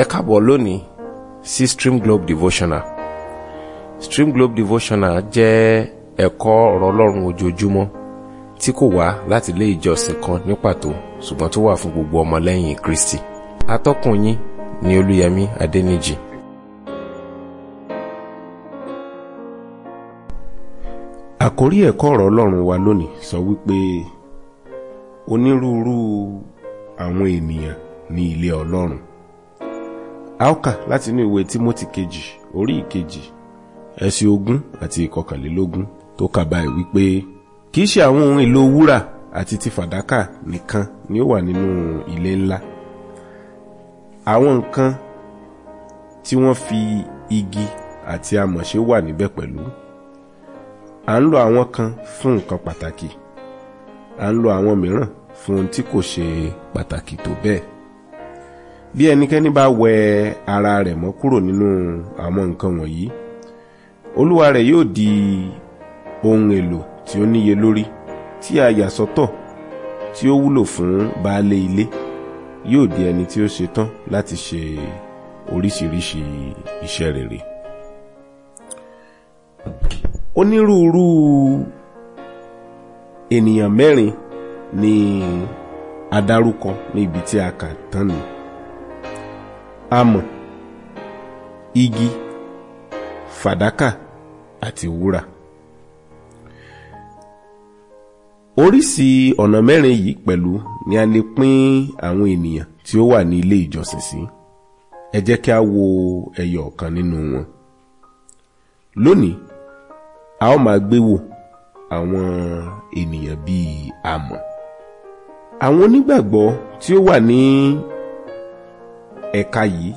ẹ káàbọ̀ lónìí sí Stream Globe Devotional Stream Globe Devotional jẹ́ ẹ̀kọ́ ọ̀rọ̀ ọlọ́run ojoojúmọ́ tí kò wá láti ilé ìjọsìn kan ní pàtó ṣùgbọ́n tó wà fún gbogbo ọmọlẹ́yìn Kristi atọ́kùn yín ni Olúyẹmí Adẹ́nìjì. àkórí ẹ̀kọ́ ọ̀rọ̀ ọlọ́run wa lónìí sọ wípé onírúurú àwọn ènìyàn ní ilé ọlọ́run a ó kà láti inú ìwé Tímótì kejì orí ìkejì ẹsẹ̀ ogún àti ìkọkànlélógún tó kà báyìí wípé kì í ṣe àwọn ohun èlò wúrà àti ti fàdákà nìkan ni ó wà nínú ilé ńlá àwọn nǹkan tí wọ́n fi igi àti amọ̀ṣe wà níbẹ̀ pẹ̀lú à ń lo àwọn kan fún nǹkan pàtàkì à ń lo àwọn mìíràn fún ohun tí kò ṣe pàtàkì tó bẹ́ẹ̀ bí ẹnikẹ́ni bá wẹ ara rẹ̀ mọ́ kúrò nínú àwọn nǹkan wọ̀nyí olúwa rẹ̀ yóò di ohun èlò tí ó níye lórí tí a yà sọ́tọ̀ tí ó wúlò fún baálé ilé yóò di ẹni tí ó ṣetán láti ṣe oríṣiríṣi iṣẹ́ rere onírúurú ènìyàn mẹ́rin ni a dárúkọ ní ibi tí a kà tán ni amọ̀ igi fàdákà àti wúrà. oríṣi ọ̀nà mẹ́rin yìí pẹ̀lú ni a lè pín àwọn ènìyàn tí ó wà ní ilé ìjọsìn sí ẹ jẹ́ kí a wo ẹyọ ọ̀kan nínú wọn lónìí a ó máa gbé wò àwọn ènìyàn bíi amọ̀ àwọn onígbàgbọ́ tí ó wà ní ẹ̀ka yìí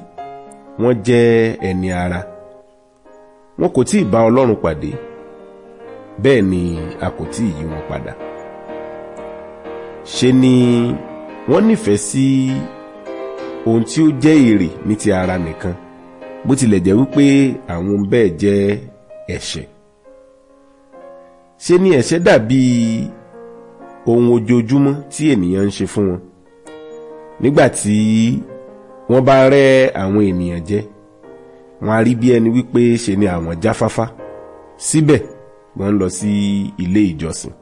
wọ́n jẹ́ ẹni ara wọn kò tí ì bá Ọlọ́run pàdé bẹ́ẹ̀ ni a kò tí ì yí wọn padà ṣe ni wọ́n nífẹ̀ẹ́ sí ohun tí ó jẹ́ èrè ní ti ara nìkan bó tilẹ̀ jẹ́ wípé àwọn bẹ́ẹ̀ jẹ́ ẹ̀ṣẹ̀ ṣe ni ẹ̀ṣẹ̀ dàbí ohun ojoojúmọ́ tí ènìyàn ń ṣe fún wọn nígbà tí wọ́n bá rẹ́ àwọn ènìyàn jẹ wọ́n á rí bí ẹni wípé ṣe ni àwọn jáfáfá síbẹ̀ wọ́n ń lọ sí ilé ìjọsìn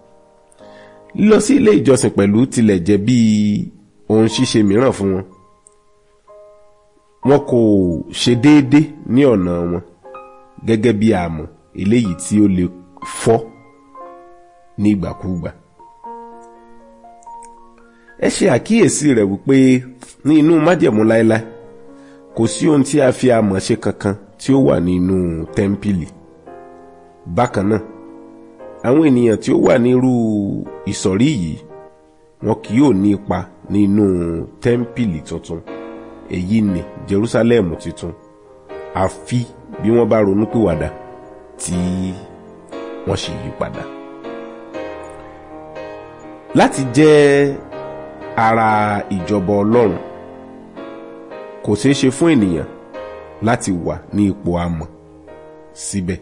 lílọ sí ilé ìjọsìn pẹ̀lú tilẹ̀ jẹ́ bí ohun ṣíṣe mìíràn fún wọn wọn kò ṣe déédé ní ọ̀nà wọn gẹ́gẹ́ bí àmọ́ eléyìí tí ó lè fọ́ ní ìgbàkúgbà ẹ ṣe àkíyèsí rẹ̀ wípé ní inú májẹ̀mú láéláé kò sí ohun tí a fi amọ̀ ṣe kankan tí ó wà nínú tẹ́ḿpìlì bákan náà àwọn ènìyàn tí ó wà nírú ìsọ̀rí yìí wọn kì yóò ní ipa nínú tẹ́ḿpìlì tuntun èyí ni Jerusalem tuntun àfi bí wọ́n bá ronúpìwàdà tí wọ́n sì yí padà láti jẹ́ ara ìjọba ọlọ́run kò ṣeé ṣe fún ènìyàn láti wà ní ipò amọ̀ síbẹ̀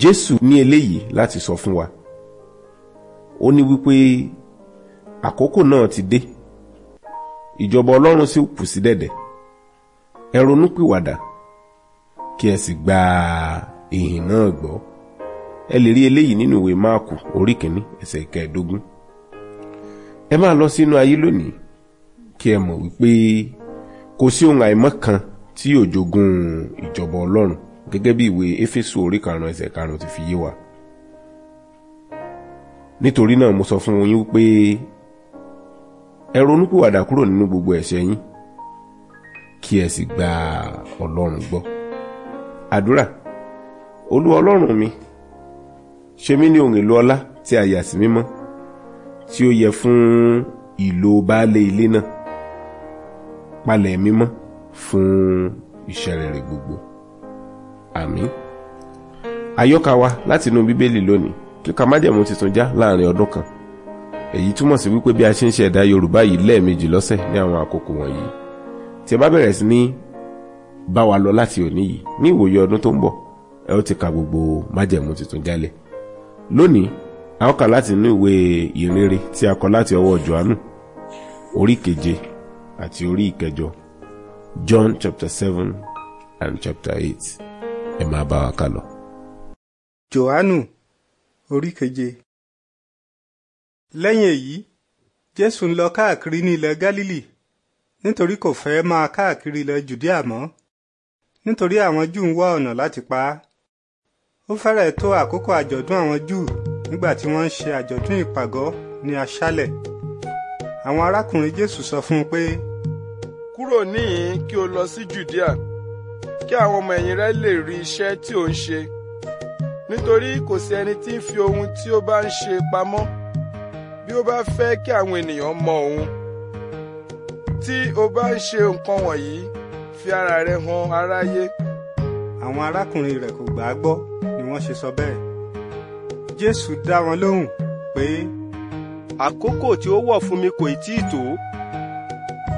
jésù ní eléyìí láti sọ fún wa ó ní wípé àkókò náà ti dé ìjọba ọlọ́run sì kù sí dẹ̀dẹ̀ ẹ ronú pìwàdà kí ẹ sì gba ìhìn náà gbọ́ ẹ lè rí eléyìí nínú ìwé máàkù orí kìíní ẹsẹ̀ kẹẹ̀ẹ́dógún ẹ máa lọ sínú ayé lónìí kí ẹ mọ̀ wípé kò sí ohun àìmọ́ kan tí yóò jogún ìjọba ọlọ́run gẹ́gẹ́ bí ìwé éfésù orí karùn-ún ẹsẹ̀ karùn-ún ti fi yé wa. nítorí náà mo sọ fún yín wípé ẹ ronúpìwàdà kúrò nínú gbogbo ẹ̀ṣẹ̀ yín kí ẹ sì gba ọlọ́run gbọ́. àdúrà olúwa ọlọ́run mi ṣe mí ní ohun èlò ọlá tí a yà sí mímọ́ tí ó yẹ fún ìlò baálé ilé náà palẹ̀ mímọ́ fún iṣẹ́ rere gbogbo àmín àyọkà wa láti inú bíbélì lónìí kíka májẹ̀mú tuntun já láàrin ọdún kan èyí túmọ̀ sí wípé bí a ṣe ń ṣe ẹ̀dá yorùbá yìí lẹ́ẹ̀mejì lọ́sẹ̀ ní àwọn àkókò wọ̀nyí tí ẹ bá bẹ̀rẹ̀ sí ní bá wa lọ láti òní yìí ní ìwòye ọdún tó ń bọ̀ ẹ ó ti ka gbogbo májẹ̀mú tuntun jálẹ̀ lónìí a ó kà láti inú ìwé ìrere tí a kọ láti ọwọ́ johannu orí keje àti orí ìkẹjọ john chapter seven and chapter eight ẹ máa bá wa kà lọ. johannu orí keje lẹ́yìn èyí jésù ń lọ káàkiri ní ilẹ̀ gálílì nítorí kò fẹ́ máa káàkiri ilẹ̀ jùdíà mọ́ nítorí àwọn júù ń wá ọ̀nà láti pa á ó fẹ́rẹ̀ẹ́ tó àkókò àjọ̀dún àwọn júù nígbà tí wọ́n ń ṣe àjọ̀dún ìpàgọ́ ní aṣálẹ̀ àwọn arákùnrin jésù sọ fún un pé. kúrò níhìn kí o lọ sí judea kí àwọn ọmọ ẹ̀yìn rẹ lè rí iṣẹ́ tí ò ń ṣe nítorí kò sí ẹni tí ń fi ohun tí ó bá ń ṣe pamọ́ bí ó bá fẹ́ kí àwọn ènìyàn mọ òun tí o bá ń ṣe nǹkan wọ̀nyí fi ara rẹ hàn aráyé. àwọn arákùnrin rẹ̀ kò gbà á gbọ́ ni wọ́n ṣe sọ bẹ́ẹ̀. Jésù dá wọn lóhùn pé. àkókò tí ó wọ̀ fún mi kò tí ì tó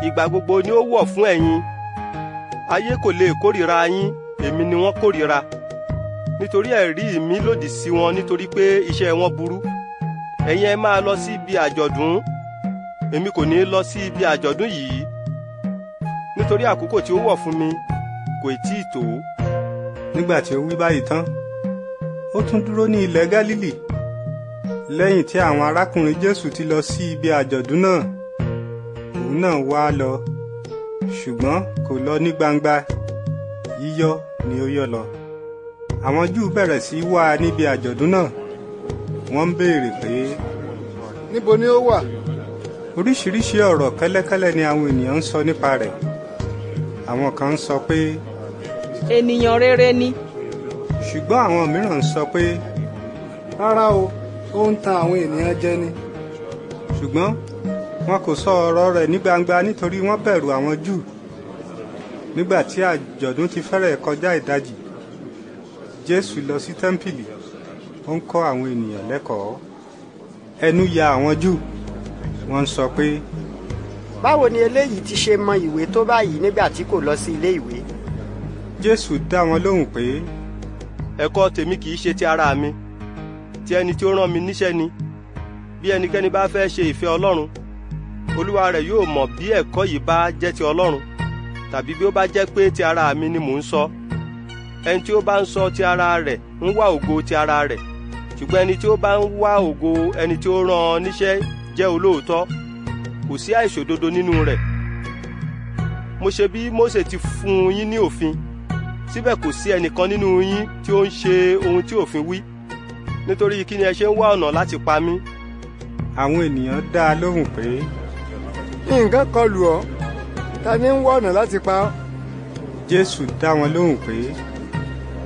ìgbà gbogbo ni ó wọ̀ fún ẹ̀yin ayé kò lè kórìíra yín èmi ni wọ́n kórìíra nítorí ẹ̀rí mi lòdì sí wọn nítorí pé iṣẹ́ wọn burú ẹ̀yin ẹ máa lọ sí ibi àjọ̀dún èmi kò ní lọ sí ibi àjọ̀dún yìí nítorí àkókò tí ó wọ̀ fún mi kò tí ì tó. nígbà tí ó wí báyìí tán ó tún dúró ní ilẹ̀ Gálílì lẹ́yìn tí àwọn arákùnrin Jésù ti lọ sí ibi àjọ̀dún náà òun náà wá lọ ṣùgbọ́n kò lọ ní gbangba yíyọ ni ó yọ lọ àwọn Júù bẹ̀rẹ̀ sí í wá a níbi àjọ̀dún náà wọ́n ń béèrè pé. níbo ni ó wà. oríṣiríṣi ọ̀rọ̀ kẹ́lẹ́kẹ́lẹ́ ni àwọn ènìyàn ń sọ nípa rẹ̀ àwọn kan ń sọ pé. ènìyàn rere ni. Re ṣùgbọ́n àwọn mìíràn ń sọ pé rárá o ó ń tan àwọn ènìyàn jẹ ni ṣùgbọ́n wọn kò sọ ọ̀rọ̀ rẹ̀ ní gbangba nítorí wọ́n bẹ̀rù àwọn Júù nígbà tí àjọ̀dún ti fẹ́rẹ̀ kọjá ìdajì Jésù lọ sí tẹ́ḿpìlì ó ń kọ́ àwọn ènìyàn lẹ́kọ̀ọ́ ẹnu ya àwọn Júù wọ́n ń sọ pé. báwo ni eléyìí ti ṣe mọ ìwé tó báyìí nígbà tí kò lọ sí ilé ìwé. Jésù dá wọn lóhùn pé ẹ̀kọ́ tèmi kì í ṣe ti ara mi ti ẹni tí ó rán mi níṣẹ́ ni bí ẹnikẹ́ni bá fẹ́ ṣe ìfẹ́ Ọlọ́run olúwa rẹ̀ yóò mọ̀ bí ẹ̀kọ́ yìí bá jẹ́ ti Ọlọ́run tàbí bí ó bá jẹ́ pé ti ara mi ni mò ń sọ ẹni tí ó bá ń sọ ti ara rẹ̀ ń wá ògo ti ara rẹ̀ ṣùgbọ́n ẹni tí ó bá ń wá ògo ẹni tí ó rán níṣẹ́ jẹ́ olóòótọ́ kò sí àìṣòdodo nínú rẹ̀ mo ṣe bí Mósè ti fún yín ní òfin síbẹ̀ kò sí ẹnìkan nínú yín tí ó ń ṣe ohun tí òfin wí nítorí kí ni ẹ ṣe ń wá ọ̀nà láti pa mí. àwọn ènìyàn dá a lóhùn pé. nǹkan kan lù ọ́ ta ni ń wá ọ̀nà láti pa ọ́. jésù dá wọn lóhùn pé.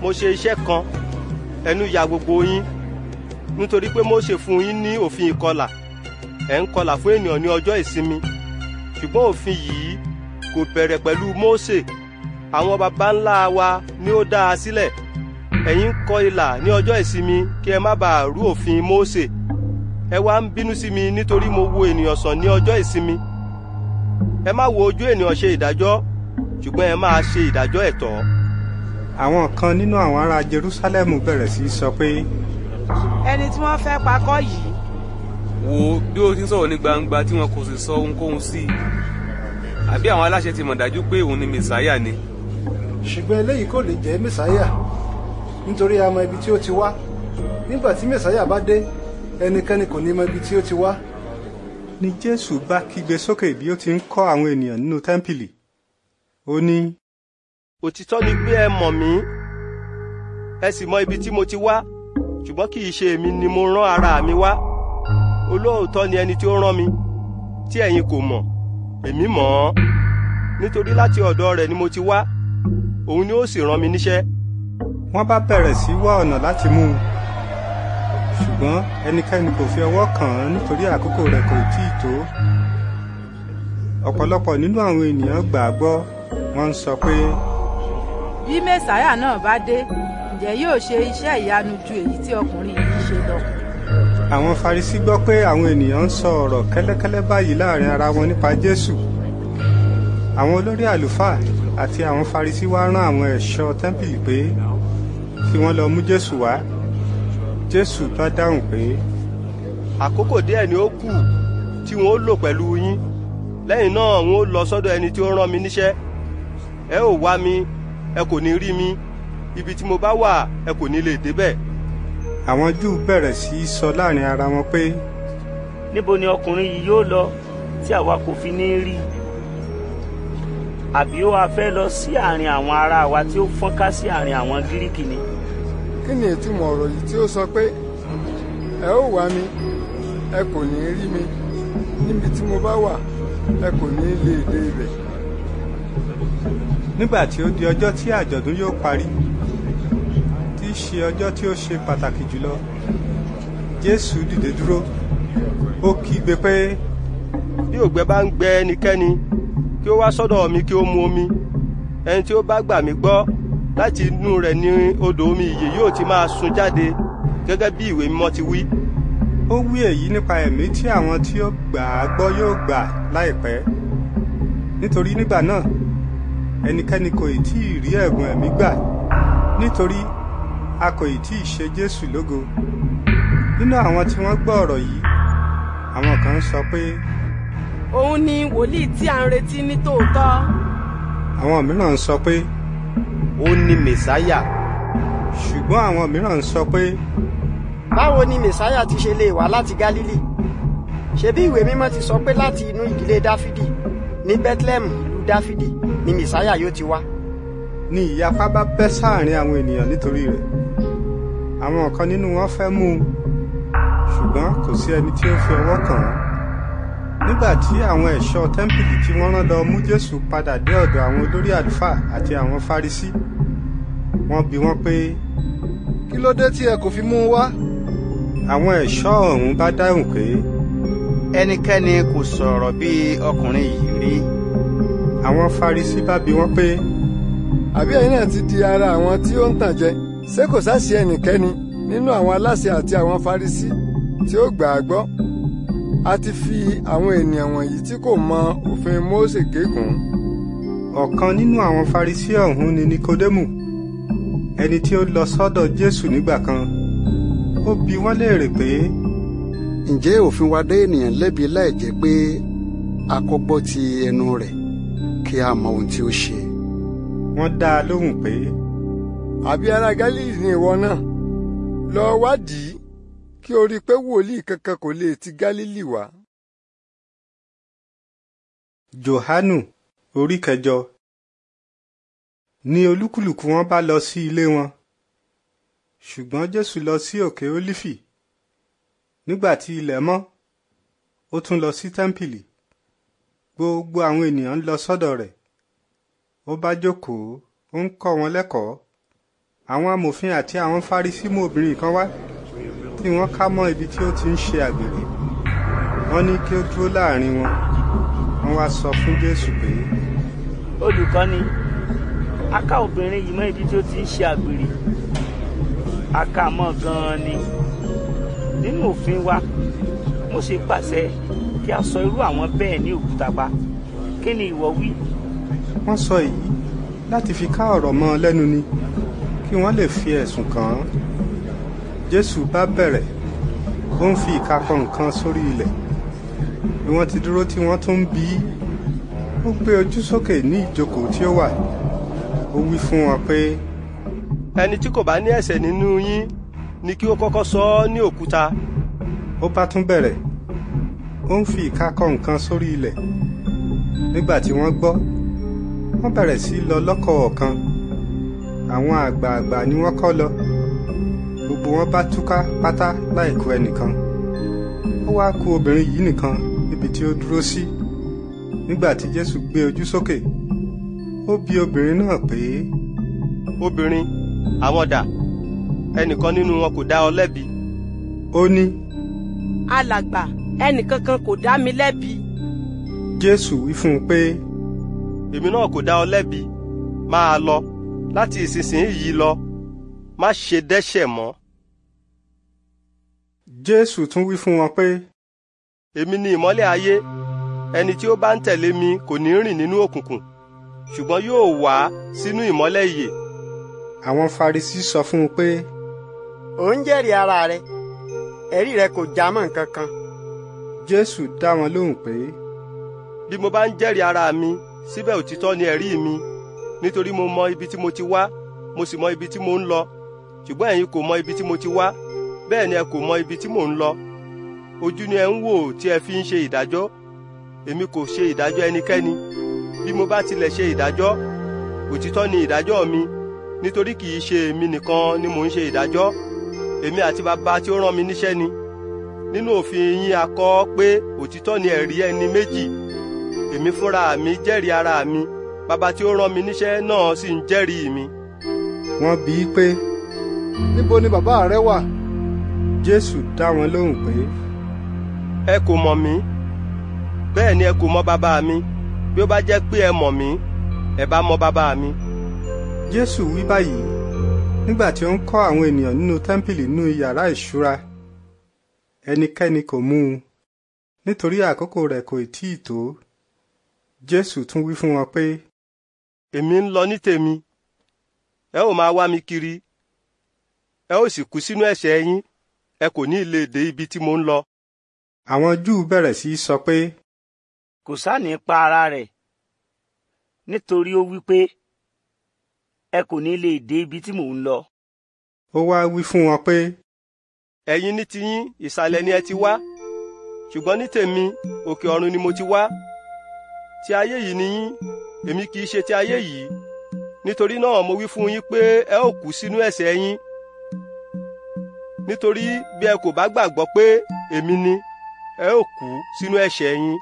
mo ṣe iṣẹ́ kan ẹnu ya gbogbo yín nítorí pé Mósè fún yín ní òfin ìkọlà ẹ̀ ń kọlà fún ènìyàn ní ọjọ́ ìsinmi ṣùgbọ́n òfin yìí kò bẹ̀rẹ̀ pẹ̀lú Mósè àwọn baba ńlá wa ni ó dá a sílẹ̀ ẹ̀yin kọ ilà ní ọjọ́ ìsinmi kí ẹ má bàa rú òfin Mósè ẹ wá ń bínú sí mi nítorí mo wo ènìyàn sàn ní ọjọ́ ìsinmi ẹ má wo ojú ènìyàn ṣe ìdájọ́ ṣùgbọ́n ẹ máa ṣe ìdájọ́ ẹ̀tọ́. àwọn kan nínú àwọn ará Jerúsálẹ́mù bẹ̀rẹ̀ sí í sọ pé. ẹni tí wọ́n fẹ́ pa yìí. wo bí ó ti sọ̀rọ̀ ní gbangba tí wọn kò sì sọ ohunkóhun sí i àbí àwọn aláṣẹ ti mọ̀ dájú pé òun ni mẹ̀sáyà ni ṣùgbọ́n eléyìí kò lè jẹ́ mẹ́sáyà nítorí a mọ ibi tí ó ti wá nígbà tí mẹ́sáyà bá dé ẹnikẹ́ni kò ní mọ ibi tí ó ti wá. ni jésù bá kígbe sókè bí ó ti ń kọ́ àwọn ènìyàn nínú tẹ́ḿpìlì ó ní. òtítọ́ ni pé ẹ mọ̀ mí ẹ sì mọ ibi tí mo ti wá ṣùgbọ́n kì í ṣe èmi ni mo rán ara mi wá olóòótọ́ ni ẹni tí ó rán mi tí ẹ̀yin kò mọ̀ èmi mọ̀ ọ́ nítorí láti ọ̀dọ̀ rẹ̀ ni mo ti wá òun ni ó sì rán mi níṣẹ́. wọ́n bá bẹ̀rẹ̀ sí wá ọ̀nà láti mú un ṣùgbọ́n ẹnikẹ́ni kò fi ọwọ́ kàn án nítorí àkókò rẹ̀ kò tí ì tó. ọ̀pọ̀lọpọ̀ nínú àwọn ènìyàn gbà á gbọ́ wọ́n ń sọ pé. bí mẹ́sàáyà náà bá dé ǹjẹ́ yóò ṣe iṣẹ́ ìyanu ju èyí tí ọkùnrin yìí ṣe lọ. àwọn Farisí gbọ́ pé àwọn ènìyàn ń sọ ọ̀rọ̀ kẹ́lẹ́kẹ́lẹ́ báyìí láàrin ara wọn nípa Jésù àwọn olórí àlùfáà àti àwọn Farisí wá rán àwọn ẹ̀ṣọ́ tẹ́ḿpìlì pé kí wọ́n lọ mú Jésù wá Jésù bá dáhùn pé. àkókò díẹ̀ ni ó kù tí wọ́n ó lò pẹ̀lú yín lẹ́yìn náà wọ́n ó lọ sọ́dọ̀ ẹni tí ó rán mi níṣẹ́ ẹ ò wá mi ẹ kò ní rí mi ibi tí mo bá wà ẹ kò ní lè débẹ̀. àwọn Júù bẹ̀rẹ̀ sí í sọ láàrin ara wọn pé. níbo ni ọkùnrin yìí yóò lọ tí àwa kò fi ní rí i àbí ó wàá fẹ́ lọ sí àárín àwọn ará wa tí ó fọ́nká sí àárín àwọn gíríkì ni. kí ni ìtumọ̀ ọ̀rọ̀ yìí tí ó sọ pé ẹ ó wá mi ẹ kò ní rí mi níbi tí mo bá wà ẹ kò ní lè dé ibẹ̀. nígbà tí ó di ọjọ́ tí àjọ̀dún yóò parí tí í ṣe ọjọ́ tí ó ṣe pàtàkì jùlọ jésù dìde dúró ó kígbe pé. bí òǹgbẹ bá ń gbẹ ẹnikẹ́ni kí ó wá sọ́dọ̀ mi kí ó mu omi ẹni tí ó bá gbà mí gbọ́ láti inú rẹ̀ ní odò omi ìyè yóò ti máa sun jáde gẹ́gẹ́ bí ìwé mímọ́ ti wí. ó wí èyí nípa ẹ̀mí tí àwọn tí ó gbà á gbọ́ yóò gbà láìpẹ́ nítorí nígbà náà ẹnikẹ́ni kò ì tí ì rí ẹ̀bùn ẹ̀mí gbà nítorí a kò ì tí ì ṣe Jésù lógo nínú àwọn tí wọ́n gbọ́ ọ̀rọ̀ yìí àwọn kan sọ pé òun ni wòlíì tí à ń retí ní tòótọ́. àwọn mìíràn ń sọ pé ó ní mẹsáyà ṣùgbọ́n àwọn mìíràn ń sọ pé. báwo ni mẹsáyà ti ṣe lè wá láti Gálílì ṣebí ìwé mímọ́ ti sọ pé láti inú ìdílé Dáfídì ní Bethlehem ìlú Dáfídì ni mẹsáyà yóò ti wá. ni ìyapa bá bẹ́ sáàrin àwọn ènìyàn nítorí rẹ̀ àwọn kan nínú wọn fẹ́ mú un ṣùgbọ́n kò sí ẹni tí ó fi ọwọ́ kàn án nígbà tí àwọn ẹ̀ṣọ́ tẹ́ḿpìlì tí wọ́n rán lọ mú jésù padà dé ọ̀dọ̀ àwọn olórí àlùfáà àti àwọn fárisí wọ́n bi wọ́n pé. kí ló dé tí ẹ kò fi mú un wá. àwọn ẹ̀ṣọ́ ọ̀hún bá dáhùn pé. ẹnikẹ́ni kò sọ̀rọ̀ bí ọkùnrin yìí rí. àwọn fárisí bá bi wọ́n pé. àbí ẹ̀yin náà ti di ara àwọn tí ó ń tàn jẹ ṣé kò sá sí ẹnikẹ́ni nínú àwọn aláṣẹ àti àwọn fárisí tí ó gbà á gbọ́ a ti fi àwọn ènìyàn wọ̀nyí tí kò mọ òfin Mósè gégùn. ọ̀kan nínú àwọn Farisí ọ̀hún ni Nikodemu ẹni tí ó lọ sọ́dọ̀ Jésù nígbà kan ó bi wọ́n léèrè pé. ǹjẹ́ òfin wa dé ènìyàn lẹ́bi láì jẹ́ pé a kọ́ gbọ́ ti ẹnu rẹ̀ kí a mọ ohun tí ó ṣe. wọ́n dá a lóhùn pé. àbí ará Gálílì ni ìwọ náà lọ wádìí kí o rí i pé wòlíì kankan kò lè ti Gálílì wá. Jòhánù orí kẹjọ ni olúkúlùkù wọn bá lọ sí ilé wọn ṣùgbọ́n Jésù lọ sí òkè Ólífì nígbà tí ilẹ̀ mọ́ ó tún lọ sí tẹ́ḿpìlì gbogbo àwọn ènìyàn ń lọ sọ́dọ̀ rẹ̀ ó bá jókòó ó ń kọ́ wọn lẹ́kọ̀ọ́ àwọn amòfin àti àwọn Farisí obìnrin kan wá ni wọ́n ká mọ́ ibi tí ó ti ń ṣe àgbèrè wọ́n ní kí ó dúró láàrin wọn wọ́n wá sọ fún jésù pé. olùkọ́ni a ká obìnrin yìí mọ́ ibi tí ó ti ń ṣe àgbèrè a ká gan-an ni nínú òfin wa Mósè pàṣẹ kí a sọ irú àwọn bẹ́ẹ̀ ní òkúta pa kí ni ìwọ wí. wọ́n sọ èyí láti fi ká ọ̀rọ̀ mọ́ ọ lẹ́nu ni kí wọ́n lè fi ẹ̀sùn kàn án jésù bá bẹ̀rẹ̀ ó ń fi ìka kan nǹkan sórí ilẹ̀ bí wọ́n ti dúró tí wọ́n tún ń bi í ó gbé ojú sókè ní ìjókòó tí ó wà ó wí fún wọn pé. ẹni tí kò bá ní ẹ̀ṣẹ̀ nínú yín ni kí ó kọ́kọ́ sọ ọ́ ní òkúta. ó bá tún bẹ̀rẹ̀ ó ń fi ìka kan nǹkan sórí ilẹ̀ nígbà tí wọ́n gbọ́ wọ́n bẹ̀rẹ̀ sí lọ lọ́kọ̀ọ̀kan àwọn àgbààgbà ni wọ́n kọ́ lọ wọn bá túká pátá láì kù ẹnìkan ó wá kù obìnrin yìí nìkan níbi tí ó dúró sí nígbà tí jésù gbé ojú sókè ó bi obìnrin náà pé. obìnrin àwọn dà ẹnìkan nínú wọn kò dá ọ lẹ́bi. ó ní. alàgbà ẹnìkankan kò dá mi lẹ́bi. jésù wí fún un pé. èmi náà kò dá ọ lẹ́bi máa lọ láti ìsinsìnyí lọ má ṣe dẹ́ṣẹ̀ mọ́ jésù tún wí fún wọn pé. èmi ni ìmọ́lẹ̀ ayé ẹni tí ó bá ń tẹ̀lé mi kò ní rìn nínú òkùnkùn ṣùgbọ́n yóò wá sínú ìmọ́lẹ̀ ìyè. àwọn farisi sọ fún un pé. ò ń jẹ́rìí ara rẹ ẹ̀rí rẹ kò já mọ́ nǹkan kan. jésù dá wọn lóhùn pé. bí mo bá ń jẹ́rìí ara mi síbẹ̀ òtítọ́ ni ẹ̀rí mi nítorí mo mọ ibi tí mo ti wá mo sì mọ ibi tí mo ń lọ ṣùgbọ́n ẹ̀yin kò mọ ibi tí mo ti wá bẹ́ẹ̀ ni ẹ kò mọ ibi tí mò ń lọ ojú ni ẹ ń wò tí ẹ fi ń ṣe ìdájọ́ èmi kò ṣe ìdájọ́ ẹnikẹ́ni bí mo bá tilẹ̀ ṣe ìdájọ́ òtítọ́ ni ìdájọ́ mi nítorí kì í ṣe èmi nìkan ni mò ń ṣe ìdájọ́ èmi àti bàbá tí ó rán mi níṣẹ́ ni nínú òfin yín a kọ pé òtítọ́ ni ẹ̀rí ẹni méjì èmi fúnra mi jẹ́rìí ara mi bàbá tí ó rán mi níṣẹ́ náà sì ń jẹ́rìí mi. wọ́n bi í pé níbo ni bàbá rẹ wà jésù dá wọn lóhùn pé. ẹ kò mọ̀ mí bẹ́ẹ̀ ni ẹ kò mọ bàbá mi bí ó bá jẹ́ pé ẹ mọ̀ mí ẹ bá mọ bàbá mi. jésù wí báyìí nígbà tí ó ń kọ́ àwọn ènìyàn nínú tẹ́ḿpìlì nínú yàrá ìṣúra ẹnikẹ́ni kò mú un nítorí àkókò rẹ̀ kò tí ì tó jésù tún wí fún wọn pé. èmi ń lọ ní tèmi ẹ ó máa wá mi kiri ẹ ó sì kú sínú ẹ̀ṣẹ̀ yín ẹ kò ní lè dé ibi tí mo ń lọ. àwọn júù bẹ̀rẹ̀ sí í sọ pé. kò sáàní pa ara rẹ̀ nítorí ó wí pé ẹ kò ní lè dé ibi tí mò ń lọ. ó wá wí fún wọn pé. ẹ̀yin ní tiyín ìsàlẹ̀ ni ẹ ti wá ṣùgbọ́n ní tèmi òkè ọ̀run ni mo ti wá ti ayé yìí ni yín èmi kì í ṣe ti ayé yìí nítorí náà mo wí fún yín pé ẹ ó kú sínú ẹ̀ṣẹ̀ yín nítorí bí ẹ kò bá gbàgbọ́ pé èmi ni ẹ ó kú sínú ẹ̀ṣẹ̀ yín.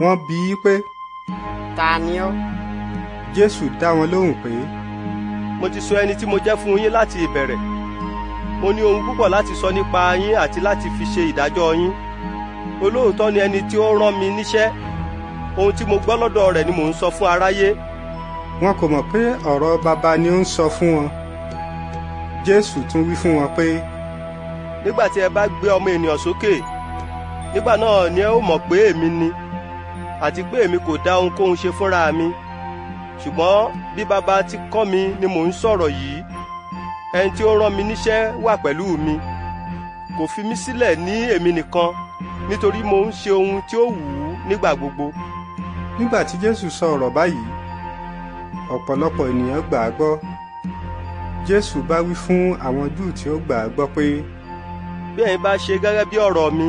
wọ́n bi í pé. ta ni ọ́. jésù dá wọn lóhùn pé. mo ti sọ ẹni tí mo jẹ́ fún yín láti ìbẹ̀rẹ̀ mo ní ohun púpọ̀ láti sọ nípa yín àti láti fi ṣe ìdájọ́ yín olóòótọ́ ni ẹni tí ó rán mi níṣẹ́ ohun tí mo gbọ́ lọ́dọ̀ rẹ̀ ni mò ń sọ fún aráyé. wọn kò mọ̀ pé ọ̀rọ̀ baba ni ó ń sọ fún wọn jésù tún wí fún wọn pé nígbà tí ẹ bá gbé ọmọ ènìyàn sókè nígbà náà ni ẹ ó mọ̀ pé èmi ni àti pé èmi kò dá ohunkóhun ṣe fúnra mi ṣùgbọ́n bí baba ti kọ́ mi ni mò ń sọ̀rọ̀ yìí ẹni tí ó rán mi níṣẹ́ wà pẹ̀lú mi kò fi mí sílẹ̀ ní èmi nìkan nítorí mo ń ṣe ohun tí ó wù ú nígbà gbogbo. nígbà tí jésù sọ ọ̀rọ̀ báyìí ọ̀pọ̀lọpọ̀ ènìyàn gbà á gbọ́ jésù bá wí fún àwọn júù tí ó gbà á gbọ́ pé bí ẹ̀yin bá ṣe gẹ́gẹ́ bí ọ̀rọ̀ mi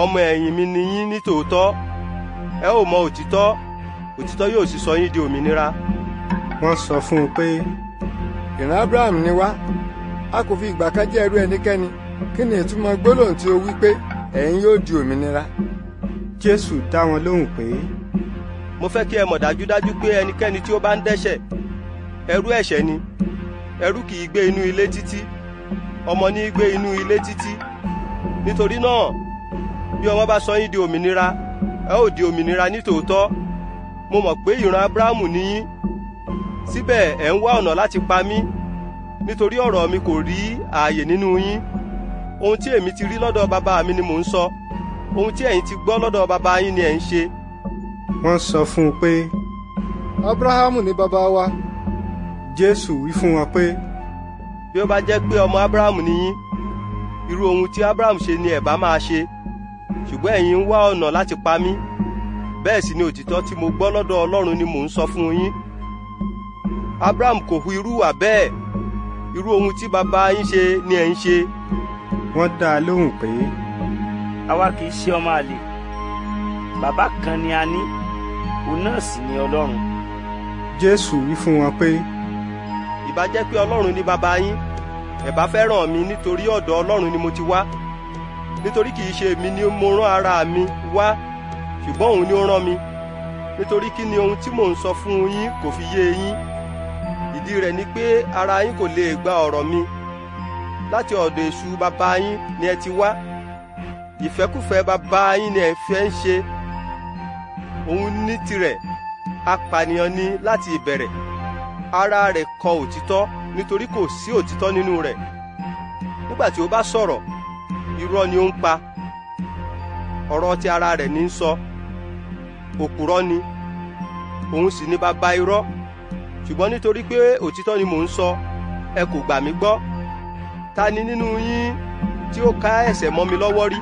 ọmọ ẹ̀yìn mi ni yín nítòótọ́ ẹ ó mọ òtítọ́ òtítọ́ yóò sì sọ yín di òmìnira. wọ́n sọ fún un pé ìran abraham ni wá a kò fi ìgbà kan jẹ́ ẹrú ẹnikẹ́ni kí ni ìtumọ̀ gbólóhùn tí ó wí pé ẹ̀yin yóò di òmìnira. jésù dá wọn lóhùn pé. mo fẹ́ kí ẹ mọ̀ dájúdájú pé ẹnikẹ́ni tí ó bá ń dẹ́ṣẹ̀ ẹrú ẹ̀ṣẹ̀ ni ẹrú kì í gbé inú ilé títí ọmọ ní gbé inú ilé títí nítorí náà bí ọmọ bá sọ yín di òmìnira ẹ ó di òmìnira nítòótọ́ mo mọ̀ pé ìran abrahamu nìyín síbẹ̀ ẹ̀ ń wá ọ̀nà láti pa mí nítorí ọ̀rọ̀ mi kò rí ààyè nínú yín ohun tí èmi ti rí lọ́dọ̀ bàbá mi ni mò ń sọ ohun tí ẹ̀yin ti gbọ́ lọ́dọ̀ bàbá yín ni ẹ̀ ń ṣe. wọ́n sọ fún un pé. abrahamu ni bàbá wa. jésù wí fún wọn pé bí ó bá jẹ́ pé ọmọ abrahamu ni yín irú ohun tí abrahamu ṣe ni ẹ̀ bá máa ṣe ṣùgbọ́n ẹ̀yin ń wá ọ̀nà láti pa mí bẹ́ẹ̀ sì ni òtítọ́ tí mo gbọ́ lọ́dọ̀ ọlọ́run ni mò ń sọ fún yín abrahamu kò hu irú wà bẹ́ẹ̀ irú ohun tí bàbá yín ṣe ni ẹ̀ ń ṣe. wọ́n dá a lóhùn pé. àwa kì í ṣe ọmọ àlè bàbá kan ni a ní òun náà sì ni ọlọ́run. jésù wí fún wọn pé ìbá jẹ́ pé ọlọ́run ni bàbá yín ẹ bá fẹ́ràn mi nítorí ọ̀dọ̀ ọlọ́run ni mo ti wá nítorí kìí ṣe èmi ni mo rán ara mi wá ṣùgbọ́n òun ni ó rán mi nítorí kí ni ohun tí mò ń sọ fún yín kò fi yé yín ìdí rẹ̀ ni pé ara yín kò lè gba ọ̀rọ̀ mi láti ọ̀dọ̀ èṣù bàbá yín ni ẹ ti wá ìfẹ́kùfẹ́ bàbá yín ni ẹ fẹ́ ń ṣe òun ní tirẹ̀ apànìyàn ni láti ìbẹ̀rẹ̀ ara rẹ̀ kọ̀ òtítọ́ nítorí kò sí òtítọ́ nínú rẹ̀ nígbà tí ó bá sọ̀rọ̀ irọ́ ni ó ń pa ọ̀rọ̀ ti ara rẹ̀ ní í sọ òpùrọ́ ni òun sì ni bàbá irọ́ ṣùgbọ́n nítorí pé òtítọ́ ni mò ń sọ ẹ kò gbà mí gbọ́ ta ni nínú yín tí ó ká ẹ̀ṣẹ̀ mọ́ mi lọ́wọ́ rí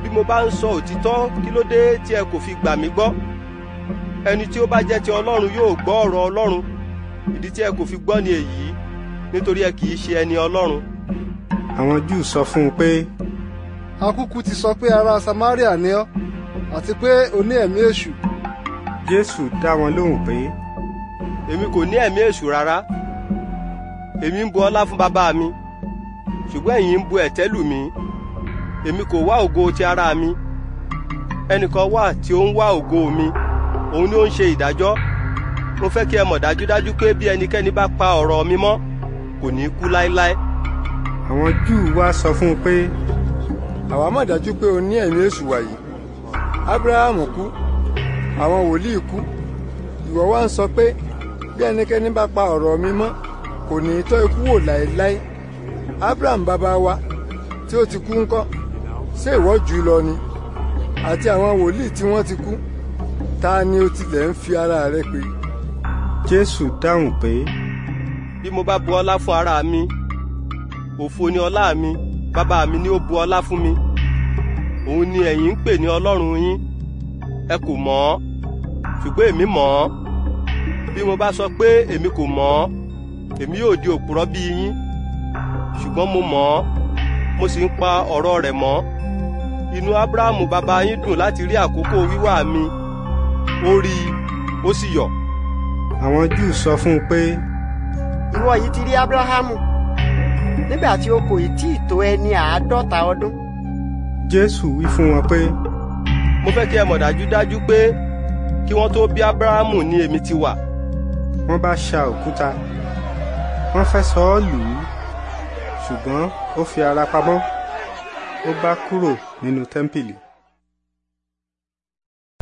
bí mo bá ń sọ òtítọ́ kí ló dé tí ẹ kò fi gbà mí gbọ́ ẹni tí ó bá jẹ́ ti ọlọ́run yóò gbọ́ ọ̀rọ̀ ọlọ́run ìdí tí ẹ kò fi gbọ́ ni èyí nítorí ẹ kì í ṣe ẹni ọlọ́run. àwọn júù sọ fún un pé. akúkú ti sọ pé ará samaria ni ọ́ àti pé o ní ẹ̀mí èṣù. jésù dá wọn lóhùn pé. èmi kò ní ẹ̀mí èṣù rárá èmi ń bu ọlá fún bàbá mi ṣùgbọ́n ẹ̀yin ń bu ẹ̀tẹ́ lù mí èmi kò wá ògo ti ara mi ẹnìkan wà tí ó ń wá ògo mi òun ni ó ń ṣe ìdájọ́ mo fẹ́ kí ẹ mọ̀ dájúdájú pé bí ẹnikẹ́ni bá pa ọ̀rọ̀ mi mọ́ kò ní kú láéláé. àwọn júù wá sọ fún un pé. àwa mọ̀ dájú pé o ní ẹ̀mí èṣù wàyí abrahamu kú àwọn wòlíì kú ìwọ wá ń sọ pé bí ẹnikẹ́ni bá pa ọ̀rọ̀ mi mọ́ kò ní tọ́ ikú wò láéláé abraham bàbá wa tí ó ti kú ńkọ́ ṣé ìwọ jù lọ ni àti àwọn wòlíì tí wọ́n ti kú ta ni o tilẹ̀ ń fi ara rẹ pè é jésù dáhùn pé. bí mo bá bu ọlá fún ara mi òfo ni ọlá mi bàbá mi ni ó bu ọlá fún mi òun ni ẹ̀yin ń pè ní ọlọ́run yín ẹ kò mọ̀ ọ́ ṣùgbọ́n èmi mọ̀ ọ́ bí mo bá sọ pé èmi kò mọ̀ ọ́ èmi yóò di òpùrọ́ bí yín ṣùgbọ́n mo mọ̀ ọ́ mo sì ń pa ọ̀rọ̀ rẹ̀ mọ́ inú abrahamu bàbá yín dùn láti rí àkókò wíwá mi ó rí i ó sì yọ̀ àwọn júù sọ fún un pé. ìwọ yìí ti rí abrahamu nígbà tí o kò tí ì tó ẹni àádọ́ta ọdún. jésù wí fún wọn pé. mo fẹ́ kí ẹ mọ̀ dájúdájú pé kí wọ́n tó bí abrahamu ni èmi ti wà. wọ́n bá ṣa òkúta wọ́n fẹ́ sọ ọ́ lù ú ṣùgbọ́n ó fi ara pamọ́ ó bá kúrò nínú tẹ́ḿpìlì